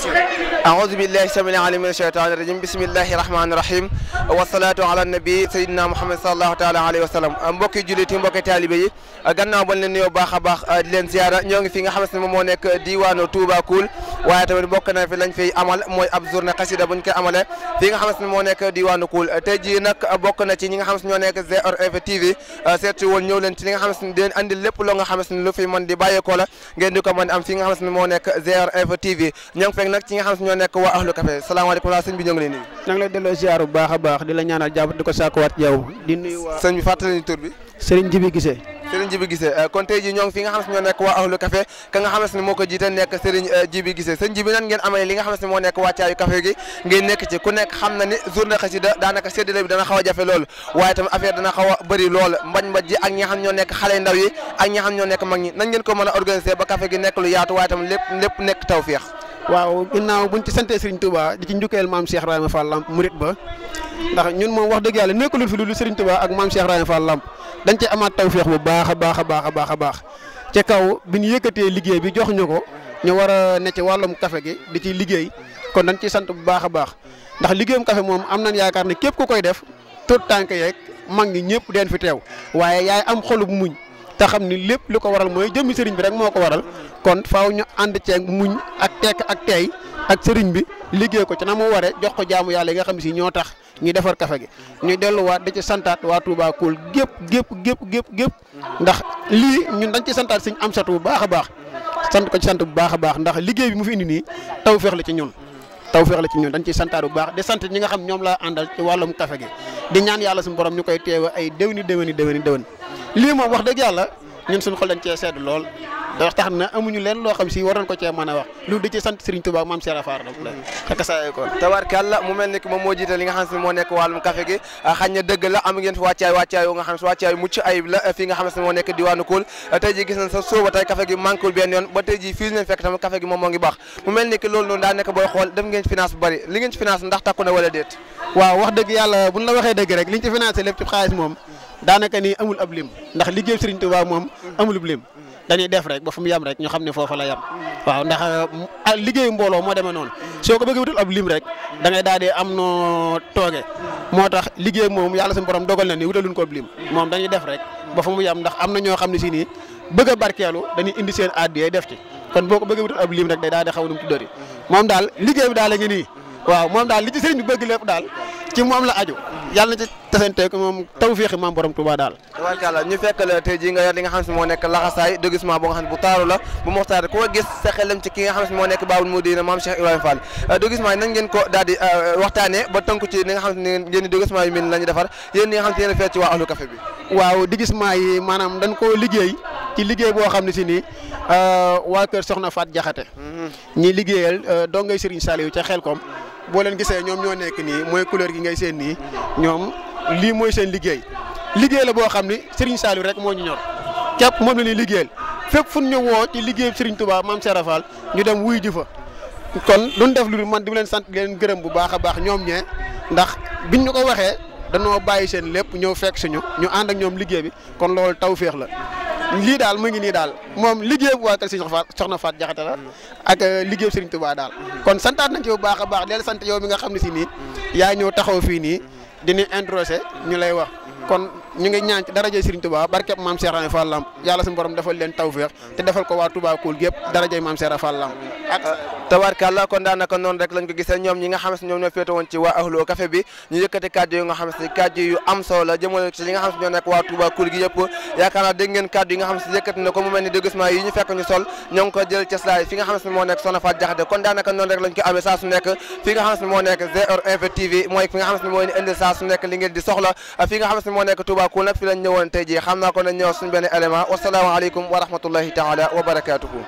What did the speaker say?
Thank you, أعوذ بالله السميع العليم من الشيطان الرجيم بسم الله الرحمن الرحيم والصلاة على النبي سيدنا محمد صلى الله تعالى عليه وسلم مبكي جليتي مبكي طالبي غنا بون لي نيو باخا باخ آه، دي لين زياره نيغي فيغا خامس مو مو نيك ديوانو توبا كول وايي تامن بوكنا في لاني في عمل موي اب زورنا قصيده بون كي عمله فيغا خامس مو نيك ديوانو كول تاي جي نك بوكنا تي نيغا خامس نيو نيك زي ار اف تي في سيتو وون نيو لين تي نيغا خامس دين اندي ليب لوغا خامس لو في مون دي بايي كولا غين دوكو مون ام فيغا خامس مو نيك زي ار اف تي في نيغ فيغ نك تي Nek wa ahlu salam alaykum waa sëñ bi ñong leen ni nuyu lay delo ziaru bu baax baax di la ñaanal jàpp diko saku wat yow di nuyu wa sëñ bi fàttali bi sëriñ Jibi Gisee sëriñ Jibi Gisee euh, kon tay ji ñong fi nga xam nek wa ahlu cafe ka nga xam moko moo nek Jibi Gisee sëñ Jibi nan ngeen amale li nga xam mo nek nekk wàccaayu gi ngeen nek ci ku nek xamna ni journée xasida bi dana xawa jafé jafe waye tam affaire dana xawa bari lool mbañ mbaj ji ak ñi nga xam ño nek xalé ndaw yi ak ñi nga xam ño nek mag ñi nan ngeen ko organiser ba cafe gi nek lu yaatu waye tam lepp lepp nek tawfiq waaw ginnaaw buñ ci santee Serigne Touba di ci njukkeel maam Cheikh Ibrahima Fall Lamp murit ba ndax ñun moom wax dëgg yàlla nekkalul fi lu Serigne Touba ak maam Cheikh Ibrahima Fall Lamp dañ ci amaat tawféex bu baax a baax a baax a baax a baax ca kaw bi ñu yëkkatee liggéey bi jox ñu ko ñu war a ne ci wàllum kafe gi di ci liggéey kon dañ ci sant bu baax a baax ndax liggéeyum café moom am nañ yaakaar ne képp ku koy def tout tànk yeeg mag ñi ñëpp den fi teew waaye yaay am xolu bu muñ ta xamni ni lépp lu ko waral moy jëmmi sëriñ bi rek moko waral kon faaw ñu ci ak muñ ak tek ak tay ak sëriñ bi liggéey ko ci na mu waree jox ko jaamu yalla nga xam ci ño tax ñi défar café gi ñu delluwaat da ci santat wa Touba Koul gep gep gep gep gep ndax li ñun dañ ci santat suñ am satu bu baax baax sant ko ci sant bu baaxa baax ndax bi mu fi indi ni taw la ci ñun taw la ci ñun dañ ci santat bu baax di sant ñi nga xam ñom la andal ci walum café gi di ñaan yalla suñu borom ay lii moom wax dëgg yàlla ñun suñu xol dañ cee sedd lool ndax tax na amuñu leen loo xam si waroon ko cee mën a wax lu di ci sant Serigne Touba maam Cheikh Afar daf li nga xam si moo nekk wàllum café ah, na dëgg ah, nekk ah, moom moo ngi baax mu mel ni ki noonu daa nekk booy xool def ngeen finance bari li ngeen finance ndax takku na wala déet waaw wax dëgg yàlla buñ la waxee dëgg rek liñ ci financé lépp ci xaalis moom daanaka ni amul ablim, lim ndax liggéey Serigne Touba amul ablim, lim dañuy def rek ba fu mu rek ñu xam ne la yem waaw ndax ah, liggéeyu mbolo moo demee noonu soo ko bëgg wutal ab lim rek da ngay daal am noo tooge liggéey moom yàlla suñu borom dogal na ni ko ab lim dañuy def rek ba fu mu ndax am na ñoo xam ne si nii bëgg a barkeelu dañuy indi seen addiya def ci kon boo bëgg wutal ab rek day daal di xaw num dal liggéey waaw moom dal li ci sëriñ bëgg ci mom la aju yalla ci tassante ko mom féexi mom borom Touba dal tawakkala ñu fekk la tay ji nga yor li nga xam si moo nekk laxasaay dogissement bo nga xamni bu taru la bu moxtaar ko gis sa xelam ci ki nga xamni mo nek nekk baabul mam Cheikh ibrahim Fall euh, dogissement yi nan ngeen ko daldi euh, waxtane ba tënku ci nga xamni ngeen di dogissement yu mel ni defar yeen nga xamni si yéen ci waa ahlu café bi waaw dogissement yi manam dañ ko liggey ci liggey bo xamni ci ni euh wa keur soxna fat Jaxate mm-hmm. ñi liggeyal euh, do ngay Serigne saliw ci xel kom boo leen gisee ñoom ñoo nekk nii mooy couleur gi ngay seen nii ñoom lii mooy seen liggéey liggéey la boo xam ni Serigne Saliou rek moo ñu ñor képp moom la ñuy liggéeyal fépp fu ñu woo ci liggéey Serigne Touba maam Serafal ñu dem wuy ji fa. kon lu ñu def lu man di leen sant leen gërëm bu baax a baax ñoom ñee ndax biñ ñu ko waxee danoo bàyyi seen lépp ñëw fekk suñu ñu ànd ak ñoom liggéey bi kon loolu tawféex la. lii daal mu ngi nii daal moom liggéeyam waa kër Soxna Faat Soxna Faat Jaxate la liggéey euh, liggéeyam Serigne Touba daal kon santaat nañ ci bu baax a baax deel sant yow mi nga xam ne si nii yaa ñëw taxaw fii nii dina introsé ñu lay wax kon ñu ngi ñaan ci darajay Serigne Touba barkeb maam Cheikh Rane fallam yalla sun borom defal leen tawfiq te defal ko wa Touba Koul gépp darajay mam Cheikh Rane Fall Lam ak ah, tabarkàlla kon naka non rek lañ ko gisse ñom ñi nga xamne ñom ñoo fete won ci wa ahlu cafe bi ñu yëkëti kaddu yi nga xamne kaddu yu am solo la ci li nga xamne ñoo nek wa Touba Koul gi yëpp yaakaar deg ngeen kaddu yi nga xamne yëkëti yëkkati na ko mu melni ni yi ñu fekk ñu sol ñong ngi ko jël ceslaay fi nga xamne mo nek nekk Soxna kon da naka non rek lañ ko amé sa su nek fi nga xamne mo nek zr TV moy fi nga xamne si moo indi su nek li ngeen di soxla fi nga xamne mo nek Toubacoul nag fi lañ ñëwoon tey jii xam naa ko nañ ñëw suñu benn élément wasalaamaaleykum wa rahmatullahi taala wa barakaatuhu